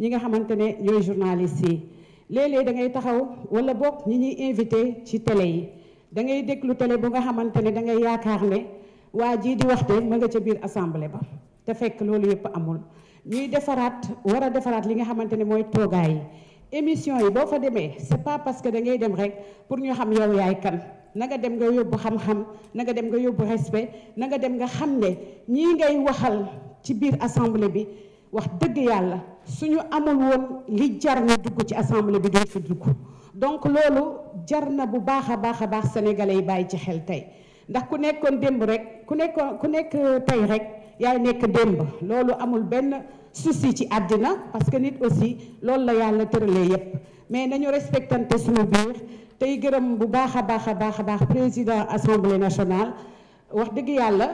ñi nga xamante ne ñooy journaliste yi léeg-léeg da ngay taxaw wala bokk ñi ñuy invité ci télé yi da ngay déglu télé bu nga xamante ne da ngay yaakaar ne waa jii di waxte ma nga ca biir assemblée ba te fekk loolu yëpp amul ñuy defaraat war a defaraat li nga xamante ne mooy toogaay yi émission yi boo fa demee c'est pas parce que da ngay dem rek pour ñu xam yow yaay kan nanga dem nga yóbbu xam-xam na nga dem nga yóbbu respect nanga dem nga xam ne ñi ngay waxal ci biir assemblée bi wax dëgg yàlla suñu amul woon li jar ñu dugg ci assemblée bi duñ fi dugg donc loolu jar na bu baax a baax a baax sénégalais yi bàyyi ci xel tey ndax ku nekkoon démb rek ku nekkoon ku nekk euh, tey rek yaay nekk démb loolu amul benn souci ci àddina parce que nit aussi loolu la yàlla tëralee yépp mais nañu respectante suñu biir tey gërëm bu baax a baax a baax a baax président assemblée nationale wax dëgg yàlla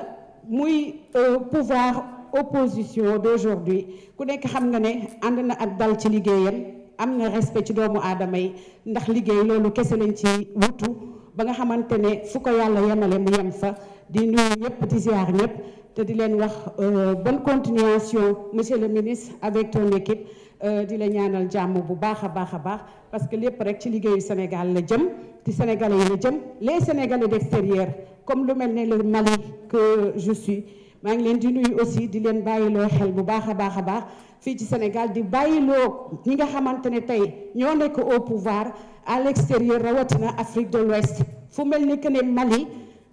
muy euh, pouvoir opposition d'aujourd'hui ku nekk xam nga ne ànd na ak dal ci liggéeyam am na respect ci doomu aadama yi ndax liggéey loolu kese lañ ci wutu ba nga xamante ne fu ko yàlla yemale mu yem fa di nuyu ñëpp di ziar ñëpp te di leen wax euh, bonne continuation monsieur le ministre avec ton équipe euh, di la ñaanal jàmm bu baax a baax a baax parce que lépp rek ci liggéeyu Sénégal la jëm ci Sénégalais yi la jëm les Sénégalais d'extérieur comme lu mel ne le Mali que je suis maa ngi leen di nuyu aussi di leen bàyyiloo xel bu baax a baax a baax fii ci Sénégal di bàyyiloo ñi nga xamante ne tey ñoo nekk au pouvoir à l'extérieur rawatina Afrique de l'Ouest fu mel ni que ne Mali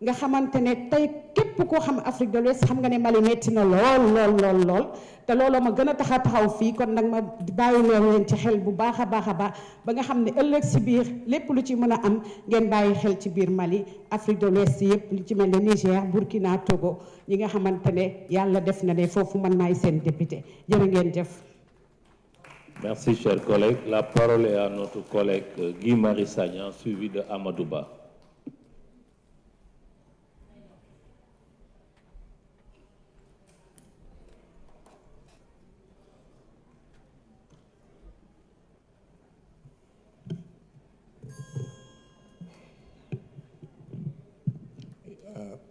nga xamante ne tey képp koo xam Afrique de l'Ouest xam nga ne Mali netti na lool lool lool lool te looloo ma gën a tax a taxaw fii kon nag ma bàyyi leen ci xel bu baax a baax a baax ba nga xam ne ëllëg si biir lépp lu ci mën a am ngeen bàyyi xel ci biir Mali Afrique yëpp lu ci mel ne Niger Burkina Togo ñi nga xamante ne yàlla def na ne foofu man seen député jërë ngeen jëf. Merci, chers collègues. La parole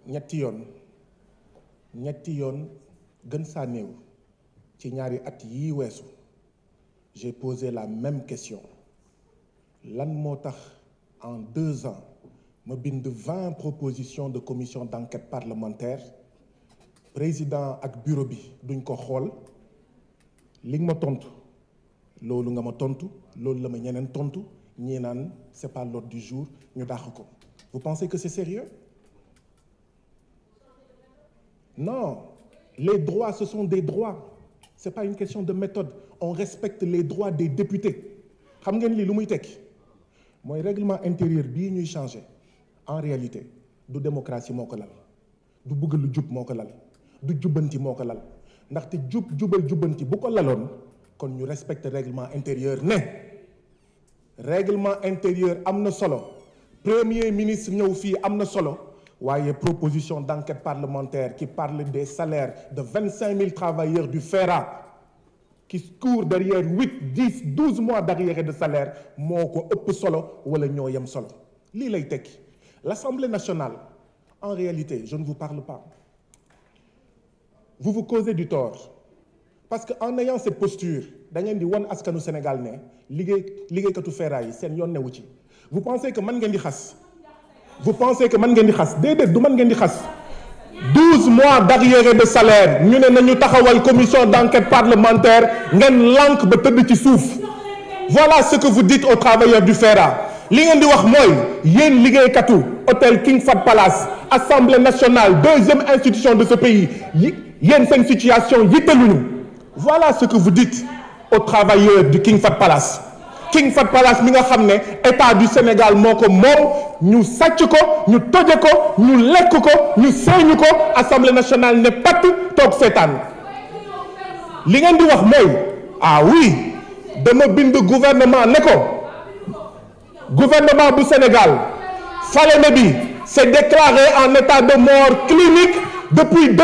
ñetti yoon ñetti yoon gën saa néew ci ñaari at yii weesu j'ai posé la même question lan moo tax en deux ans ma bind vingt propositions de commission d'enquête parlementaire président ak bureau bi duñ ko xool li ma tontu loolu nga ma tontu loolu la ma ñeneen tontu ñii naan c'est pas l'ordre du jour ñu dàq ko vous pensez que c'est sérieux Non, les droits, ce sont des droits. C'est pas une question de méthode. On respecte les droits des députés. xam ngeen lii lu muy tekki mooy règlement intérieur bii ñuy changé en réalité du démocratie moo ko lal du bëgg lu jub moo ko lal du jubbanti moo ko lal ndaxte jub jubal jubbanti bu ko laloon kon ñu respecte règlement intérieur ne règlement intérieur am na solo premier ministre ñëw fii am na solo waaye proposition d'enquête parlementaire qui parle des salaires de vingt cinq mille travailleurs du FERA qui courent derrière huit dix douze mois d'arriérés de salaire moo ko ëpp solo wala ñoo yem solo lii lay tekki l'Assemblée nationale en réalité je ne vous parle pas vous vous causez du tort parce que en ayant cette posture da ngeen di wan askanu Sénégal ne liggéey liggéeykatu FERA yi seen yoon newu ci vous pensez que mën ngeen di xas vous pensez que man ngeen di xas déedéet du man ngeen di xas douze mois d'arriérés de salaire ñu ne nañu taxawal commission d'enquête parlementaire ngeen lànk ba tëdd ci suuf voilà ce que vous dites aux travailleurs du FERA li ngeen di wax mooy yéen liggéeykatu hôtel King Fahd Palace assemblée nationale deuxième institution de ce pays yéen seen situation yittaluñu voilà ce que vous dites aux travailleurs du King fat Palace King Fahd Palace mi nga xam ne état du Sénégal moo ko moom ñu sàcc ko ñu toje ko ñu lekk ko ñu seeñu ko assemblée nationale ne patt toog seetaan li ngeen di wax mooy ah oui dama bind gouvernement ne ko gouvernement bu Sénégal falene bi s'est déclaré en état de mort clinique depuis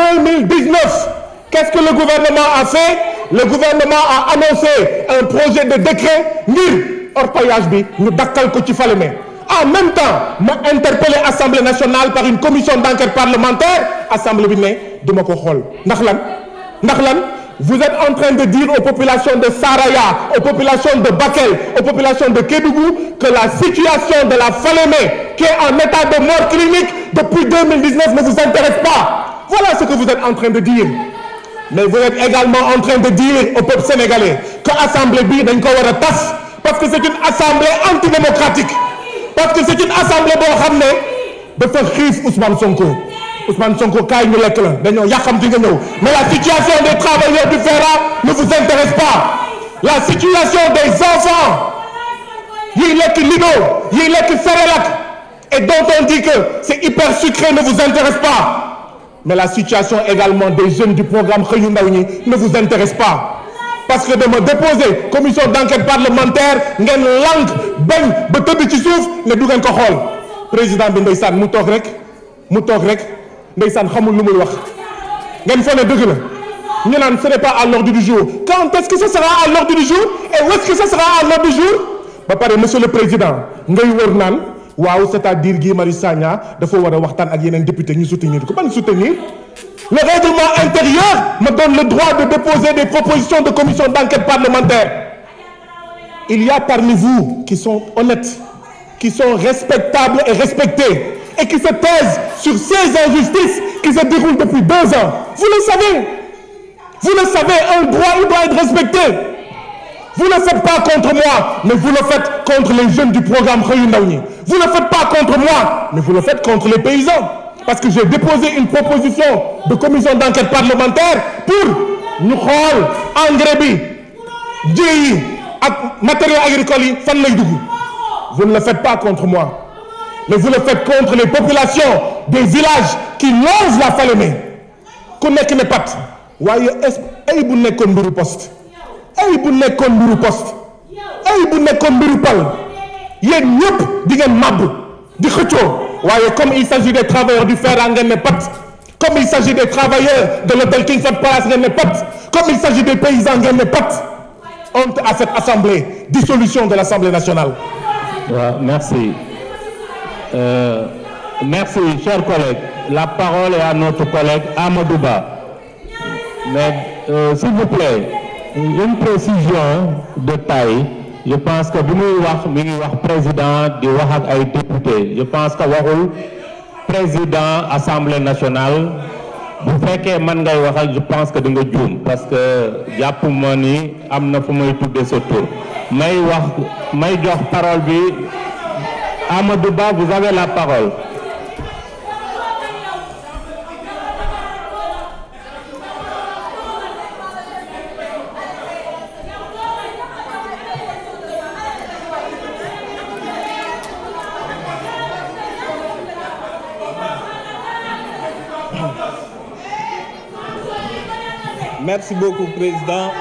qu'est-ce que le gouvernement a fait le gouvernement a annoncé un projet de décret ngir orpaillage bi ñu dakkal ko ci Falémé en même temps ma interpellé assemblée nationale par une commission d'enquête parlementaire assemblée bi duma ko xool ndax lan ndax lan vous êtes en train de dire aux de Saraya aux populations de Bakel la situation de la Falémé qui est en état de mort clinique depuis en train de dire mais vous êtes également en train de dire au peuple sénégalais que assemblée bii dañ ko war parce que c'est une assemblée antidémocratique parce que c'est une assemblée boo xam ne dafa xiif Ousmane Sonko Ousmane Sonko kaay ñu lekk la dañoo ci nga ñëw mais la situation des travailleurs du FERA ne vous intéresse pas la situation des enfants yiy lekk Lido yiy et dont on dit que c'est hyper ne vous intéresse pas mais la situation également des jeunes du programme Xëyu Ndaw ñi ne vous intéresse pas parce que dama déposer commission d'enquête parlementaire ngeen lànk bañ ba tëdd ci suuf ne du ngeen ko président bi ndeysaan mu toog rek mu toog rek ndeysaan xamul lu muy wax ngeen foog ne dëgg la ñu naan ce n'est pas à l'ordre du jour quand est-ce que ce sera à l'ordre du jour et où est-ce que ce sera à l'ordre du jour monsieur le président ngay wër naan waaw c'est-à-dire Guy Marius Sagna dafa war a waxtaan ak yeneen député ñu soutenir ko ban soutenir le règlement intérieur me donne le droit de déposer des propositions de commission d'enquête parlementaire il y a parmi vous qui sont honnêtes qui sont respectables et respectés et qui se taisent sur ces injustices qui se déroulent depuis deux ans vous le savez un droit il doit être respecté vous ne faites pas contre moi mais vous le faites contre les jeunes du programme Xëyu vous ne faites pas contre moi mais vous le faites contre les paysans parce que j'ai déposé une proposition de commission d'enquête parlementaire pour ñu xool engrais bi ji yi ak matériaux agricoles yi fan lay dugg vous ne le faites pas contre moi mais vous le faites contre les populations des villages qui longent la Falémé ku nekk ne pat waaye ay bu nekkoon mbiru poste ay bu nekkoon mbiru poste ay bu nekkoon mbiru pal di ngeen màbb di xëccoo waaye comme il s'agit des travailleurs du Feera ngeen ne comme il s'agit des travailleurs de l'hôtel Kingston Palace ngeen ne pat comme il s'agit des paysans ngeen ne pat dissolution de l'Assemblée nationale euh, la parole Ba euh, une précision de taille je pense que bu muy wax mi ngi wax président di wax ak ay député je pense que waxul président assemblée nationale bu fekkee man ngay waxal je pense que di nga juum parce que jàpp ma ni am na fu may tudde sa tur may wax may jox parole bi Amadou Ba vous avez la parole Merci beaucoup, Président.